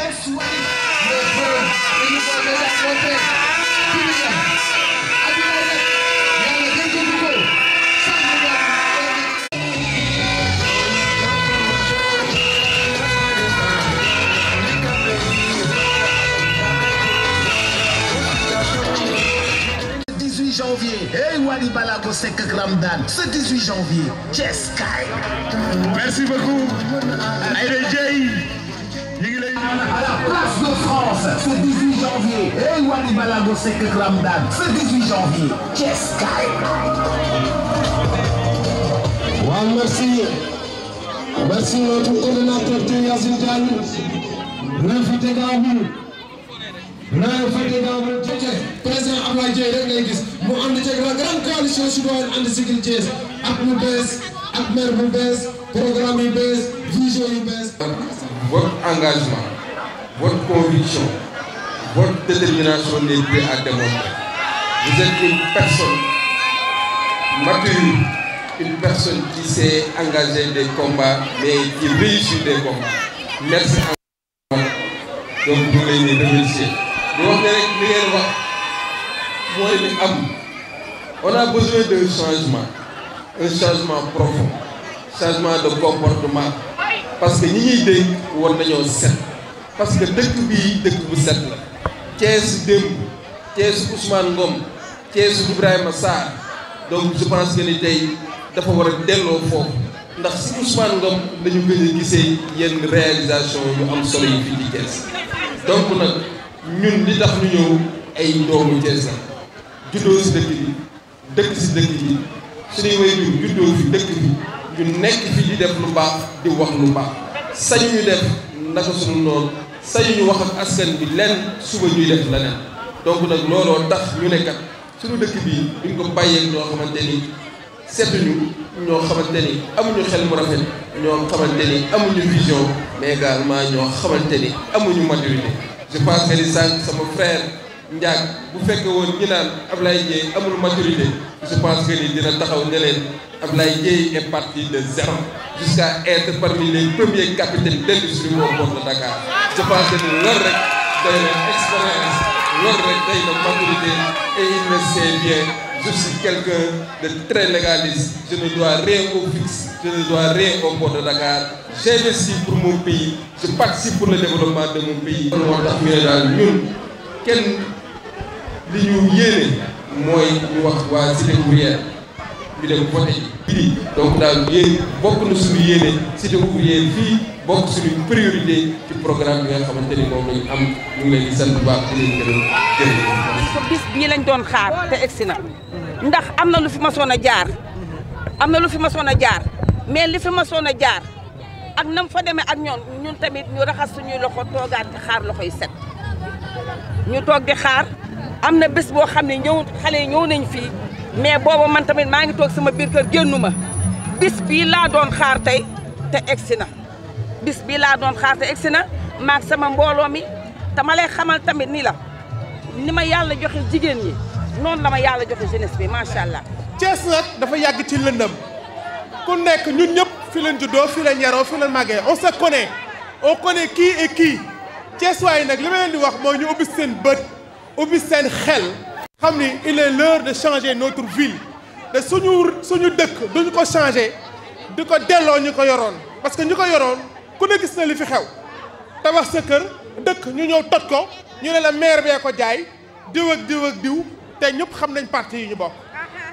même soigné le peuple dañu ko dajale ko tey kii bi la Abdoulaye nag yàlla gëjëbu ko sàmm nga. janvier hey Wally Ballago Seck ak Ramdan ce 18 janvier Thiès Kaay merci beaucoup Aïda Dieye À la place de France, ce 18 janvier, et eh, Wally Balago Seck Ramdan, ce 18 janvier, Thiès Kaay. waaw merci merci notre coordonnateur te Yacine Diagne rafet naa wul rafet naa wul jëjëf président Ablaye Dieye rek ngay gis mu ànd ceeg la grande coalition citoyenne ànd Siggil Thiès ak mu bees. ak maire bu engagement votre conviction votre détermination n'est plus à démontrer vous êtes une personne mature une personne qui s'est engagée des combats mais qui réussit des combats merci encore donc ñu ngi leen di remercier di wax ne mooy li am on a besoin d'un changement. un changement profond changement de comportement parce que ñi ñuy dénk war nañoo set parce que dëkk bii dëkk bu set la Thiès démb Thiès Ousmane Ngom Thiès Ibrahima Sarr donc je pense que ni tey dafa war a delloo foofu ndax si Ousmane Ngom dañu gën a yenn réalisation yu am solo yi fii ci Thiès donc nag ñun li ñu ñëw ay doomu Thiès la juddoo si dëkk bi dëkk si dëkk bi suñuy way jur juddoo fi dëkk fi ñu nekk fi di def lu baax di wax lu baax sañ ñu def naka suñu noonu sañ ñu wax ak askan bi lenn suba ñuy def leneen donc nag looloo tax ñu ne kat suñu dëkk bii duñ ko bàyyeeg ñoo xamante ni seetuñu ñoo xamante ni amuñu xel mu rafet ñoo xamante ni amuñu vision mais également ñoo xamante ni amuñu maturité je pense que sama frère. njaag bu fekke woon ñi naan Ablaye Dieye amul maturité je pense que ni dina taxaw ne leen Ablaye Dieye est parti de zéro jusqu'à être parmi les premiers capitaines d'industrie au port de Dakar je pense que rek day na expérience loolu rek day na maturité et il le sait bien je suis quelqu'un de très légaliste je ne dois rien au fixe de Dakar j'investis pour mon pays je participe pour le développement de mon pays daal ñun kenn li ñu yéene mooy ñu wax waa cité ouvrière ñu dem bokk na suñu bokk suñu priorité ci programme bi nga xamante ni moom lañu am ñu ngi leen sant baax di leen lañ doon xaar te egsi na ndax am na lu fi masoon a jaar am na lu fi masoon a jaar mais li fi masoon a jaar ak nam fa demee ak ñoom ñun tamit ñu raxas suñuy loxo toogaat xaar loxo yu set ñu toog di xaar am na bés boo xam ne ñëw xale yi ñëw nañ fii mais booba man tamit maa ngi toog sama biir kër génnu ma bis bii laa doon xaar tey te egsi na bis bii laa doon xaar te egsi na maag sama mbooloo mi te lay xamal tamit ni la ni ma yàlla joxe jigéen ñi noonu la ma yàlla joxe jeunesse bi macha allah. Cees nag dafa yàgg ci lëndëm ku nekk ñun ñëpp fi leen juddoo fi leen yaroo fi leen màggee on se connaît on connaît kii et Cees waay nag li ma di wax moo ñu ubbi seen bët. ubbi seen xel xam ni il est l'heure de changer notre ville te suñu suñu dëkk duñu ko changer di ko delloo ñu ko yoroon parce que ñu ko yoroon ku ne gis na li fi xew tabax sa kër dëkk ñu ñëw toj ko ñu ne la maire bee ko jaay diw ak diw ak diw te ñëpp xam nañ parti yi ñu bokk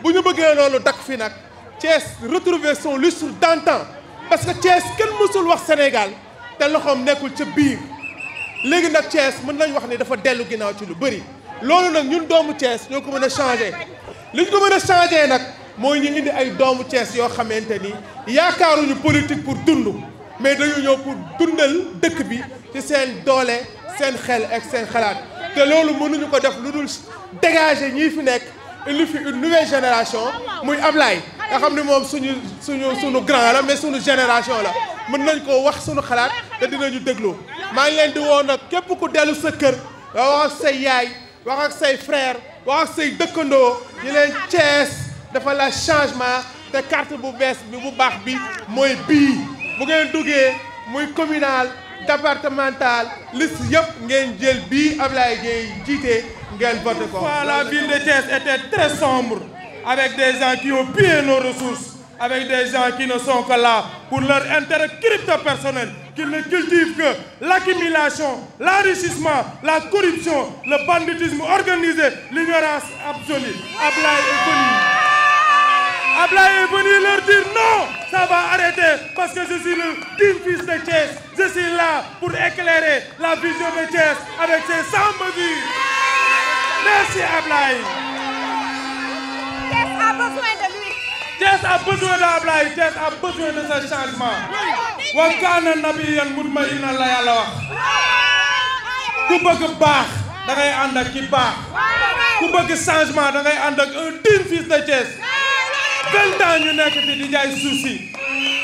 bu ñu bëggee loolu dakk fi nag Thiès retrouver son lustre temps parce que Thiès kenn mësul wax Sénégal te loxoom nekkul ca biir léegi nag Thiès mën nañ wax ne dafa dellu ginnaaw ci lu bëri loolu nag ñun doomu Thiès ñoo ko mën a changé li ko mën a changé nag mooy ñu indi ay doomu Thiès yoo xamante ni yaakaaruñu politique pour dund mais dañu ñëw pour dundal dëkk bi ci seen doole seen xel ak seen xalaat te loolu mënuñu ko def lu dul dégager ñii fi nekk indi fi une nouvelle génération muy Ablaye nga xam ni moom suñu suñu sunu grand la mais suñu génération la mën nañ ko wax suñu xalaat te dinañu déglu maa ngi leen di woo nag képp ku dellu sa kër nga wax ak say yaay wax ak say frère wax ak say dëkkandoo ñu leen Thiès dafa la changement te carte bu bees bi bu baax bi mooy bii bu ngeen duggee muy communal départemental liste yëpp ngeen jël bii Ablaye Dieye jiite ngeen voté ko. la ville de Thiès était très sombre avec des gens qui avec des gens qui ne sont que pour leur intérêt crypto-personnel, qu'ils ne cultivent que l'accumulation, l'enrichissement, la corruption, le banditisme organisé, l'ignorance absolue. Ablaï est venu. Ablaï est venu leur dire non, ça arrêter parce que le digne de Thiès. Je suis là pour éclairer la vision de Thiès avec ses 100 mesures. Merci Ablaï. Thiès a besoin d'Ablaye Thiès a besoin de ce changement wa kaana nabiyyan mutma'innan la yàlla wax ku bëgg baax da ànd ak ki baax ku bëgg changement da ànd ak un digne fils de Thiès vingt ans ñu nekk fi di jaay suuf si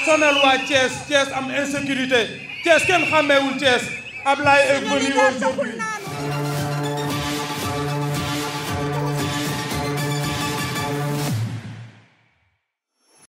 sonal waa Thiès Thiès am insécurité Thiès kenn xàmmeewul Thiès Ablaye est venu aujourd'hui